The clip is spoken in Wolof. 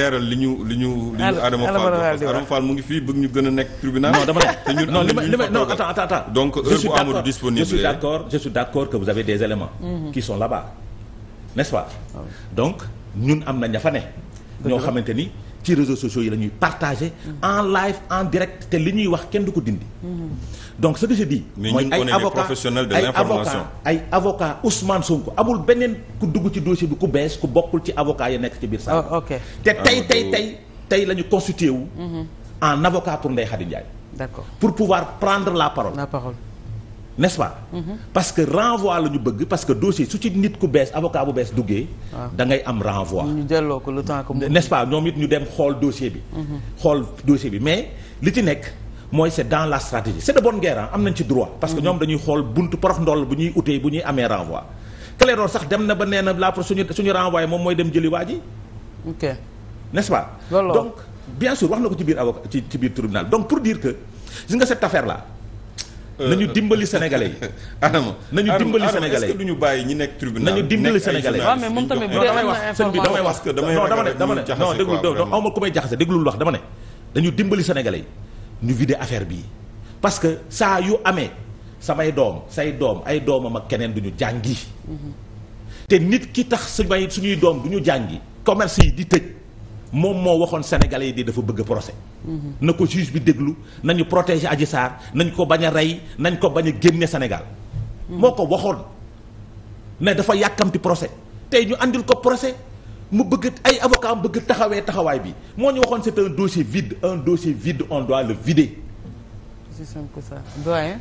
leeral li ñu li ñu li ñu Adama Fall Adama Fall mu ngi fii bëgg ñu gën a nekk tribunal non dama ne non li ma li ma non attends attends donc heure bu Amadou disponible je d'accord je d'accord que vous avez des éléments mhm. qui sont là-bas ah donc ñun am na ña fa ne ñoo xamante ni ci réseau sociaux yi la ñuy partagé. en live en direct te li ñuy wax kenn du ko dindi. donc ce que je dis. mooy ay avocat ay avocat ay avocat Ousmane Sonko amul beneen ku dugg ci dossier bi ku bees ku bokkul ci avocat ya nekk ci biir. saa oh, ok te tey ah, tey tey tey la ñu constitué wu. Mhm. en avocat pour Ndeye Khady Ndiaye. d'accord pour pouvoir prendre la parole. la parole. n'est-ce pas. Mhm. parce que renvoi ñu bëgg parce que dossier su ci nit ku bees avocat bu bees duggee. Ah. da am renvoi. ñu delloo ko le temps que nest pas ñoom it ñu dem xool dossier bi. Mhm. xool dossier bi mais li ci nekk mooy c'est dans la stratégie c'est a bonne guerre am nañ ci droit. parce que mhm. ñoom dañuy xool buntu porof ndoll bu ñuy utee bu ñuy amee renvoi. Clédor sax dem na ba nee na la suñu suñu moom mooy dem jëli waa ji. pas. donc bien sûr wax na ko ci biir avocat ci ci biir tribunal Euh. nañu dimbali sénégalais yi. Adama nañu dimbali sénégalais yi est-ce que duñu bàyyi ñi nekk tribunal nañu dimbali sénégalais yi. waaw mais moom tamit na information sëñ bi damay wax damay non dama ne dama ne non déglu non aw ma ku may jaxase déglul wax dama ne dañu dimbali sénégalais yi ñu vider affaire bii parce que saa yu amee samay doom say doom ay doomam ak keneen duñu jàngi mhm. te nit ki tax su may suñuy doom duñu jàngi commerce yi di tëj moom moo waxoon sénégalais yi di dafa bëgg procès na ko juge bi déglu nañu protéger aji Sarr nañ ko bañ a rey nañ ko bañ a génne Sénégal moo ko waxoon ne dafa yàkkamti procès tey ñu andil ko procès mu bëgg ay avocat am bëgg taxawee taxawaay bi moo ñu waxoon c'est un dossier vide un dossier vide on doit le vider c'est simple que ça doyen